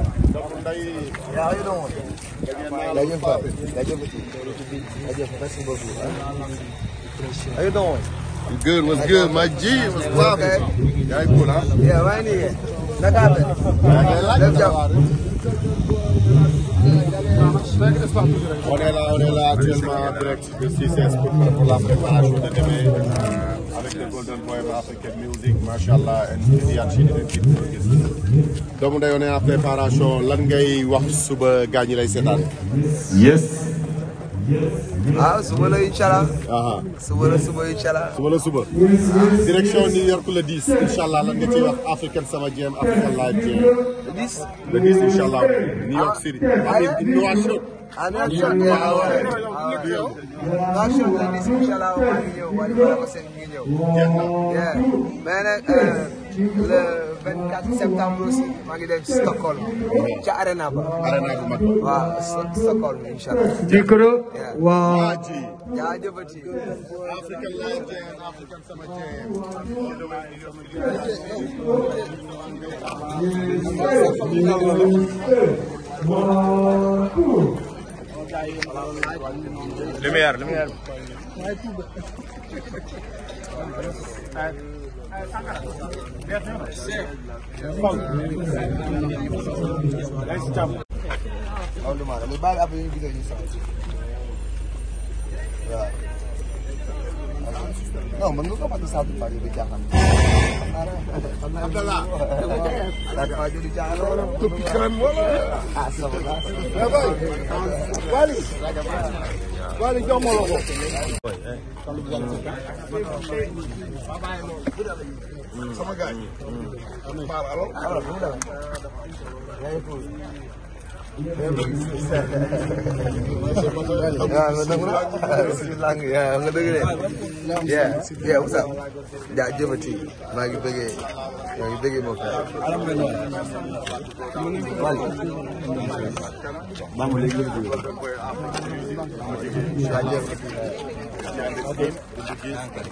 How you doing? How you doing? You good? What's good? My G, what's poppin'? Y'all cool, huh? Yeah, right here. Look at it. Let's go. On est là, on est là actuellement en direct de 6 pour la préparation de demain. avec le Golden Boy of African allah and Viviane lan ngay wax suba gaañ ñi lay seetaan. yes. ah suba la incha suba direction New York le 10 incha African sama jëm African live jëm. le 10. le 10 incha allah New York City. Ah, And that's your name. That's your name. This is Shala Warinho. Warinho Senguinho. Yeah. Man, uh, le 24 septembre aussi, maa ngi dem Stockholm. Ca arena ba. Arena ba. Waaw, Stockholm inshallah. Jikro. Waaw. Jaajëfati. African land and African cemetery. All the way lumière lumière bi non mën nga ko wax ne Sadio Fadio di jaaxal. xam naa Abdallah. Sadio Fadio di jaaxal wala. tukki kanam wala. ah sama laas. Wali. Wali jox ma loxo. sama gars yi. alors. waaw nga dëgg la waaw nga dëgg de. yeah yeah what's up. jaajëfati maa ngi bëggee maa ngi bëggee moo fay. maa ngi léegi Alayım. Ya,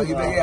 ya, ya.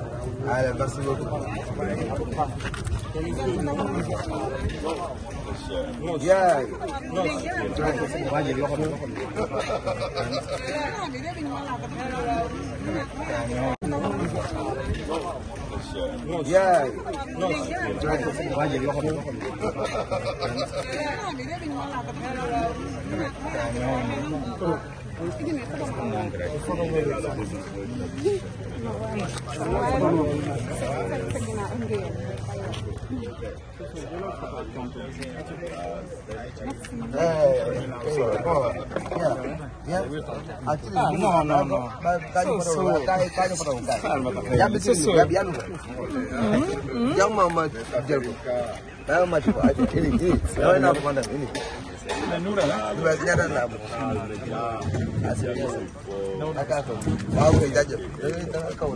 Allez, merci beaucoup. Yeah. Yeah. Yeah. No, no, no. Yang mama jago. Yang mama jago. Ini, ini. Yang mana komandan ini. Asal. Akak. Wow, jago. Ini tak kau.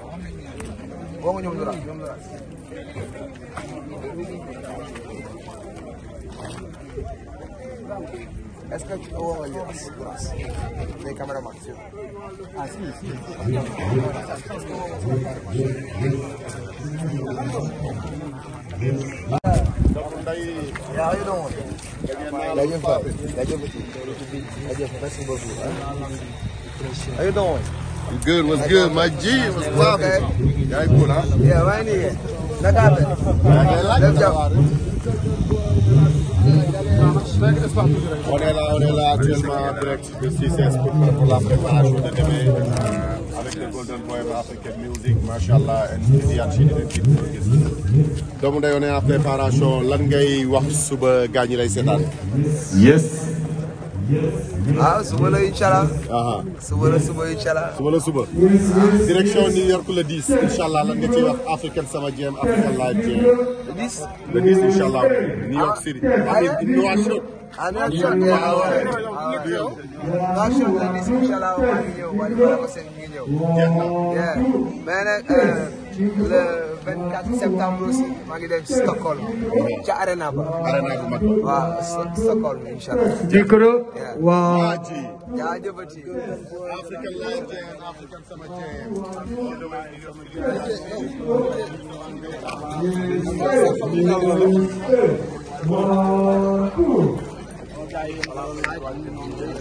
woo ma ñoom ñu raad ñoom ñu raad est-ce que woo nga ñu raad les caméramans ah si si donc nday yaa ngi doon woon. jaajëf merci beaucoup. You good? What's good, my G? What's poppin'? Y'all cool, huh? Yeah, right here. Look at it. Let's go. On est là, on est là actuellement en direct de 6S pour la préparation de demain avec le Golden Boy African Music, machallah, and Tidiane Chidi de Kid Doomu Ndeye, on est en préparation. Lan ngay wax suba gaañu lay seetaan. Yes. ah suba la incha allah. suba la suba incha allah. direction New York le 10 lan nga ciy African sama jéem African live jéem. le 10. le 10 incha allah New York City. ah nee naa ne ah waaw waaw waaw 24 septembre aussi maa ngi dem Stockholm ca arena ba. arena bu mag waaw Stockholm incha allah. jërëjëf waaw. jaajëfati. African lion and African summer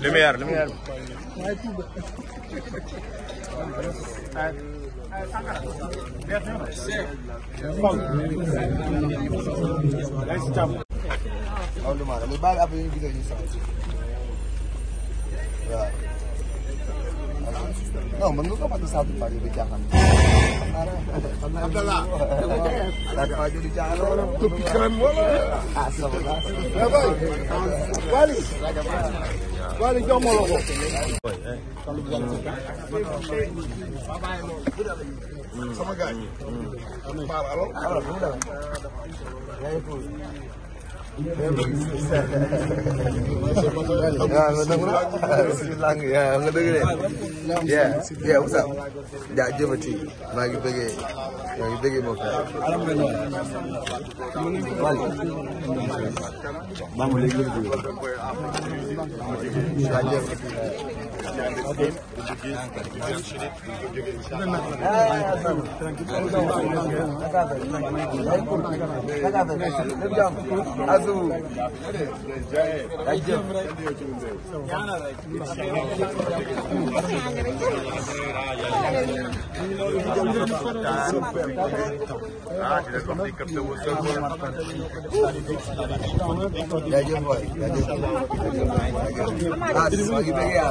Lumière, lumière. non mën nga ko mën a sant Fadio di jaaxal. xam naa Abdallah. Abdallah Fadio di jaaxal. tukki kanam wala. ah ça va. Wally jox ma loxo. sama gars yi. jaajëfati maa ngi bëggee maa ngi bëggee moo fay. maa ngi léegi Bismillahirrahmanirrahim. Ya yo voy, ya yo voy. Ah,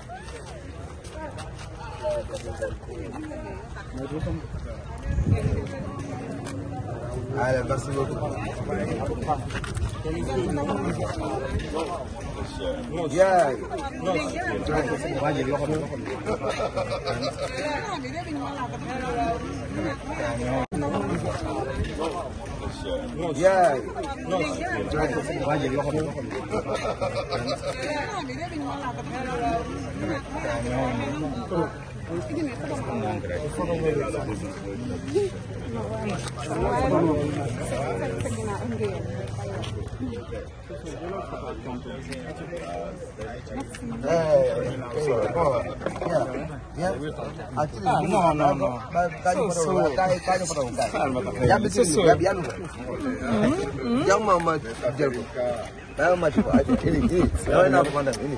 Allez, merci beaucoup. Yeah. Yeah. Yeah. No, no, no. Yang mama jago. Yang mama coba aja. Ini, ini. Yang mama coba ini.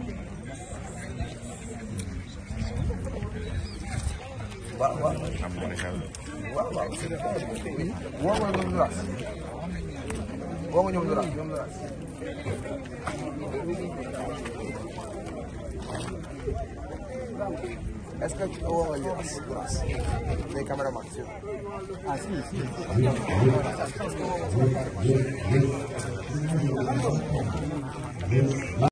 waaw waaw am na xel waaw waaw woo nga ñoom Ndoura woo nga ñoom Ndoura ñoom Ndoura est-ce que woo nga ñoom Ndoura les caméramans ah si si est-ce que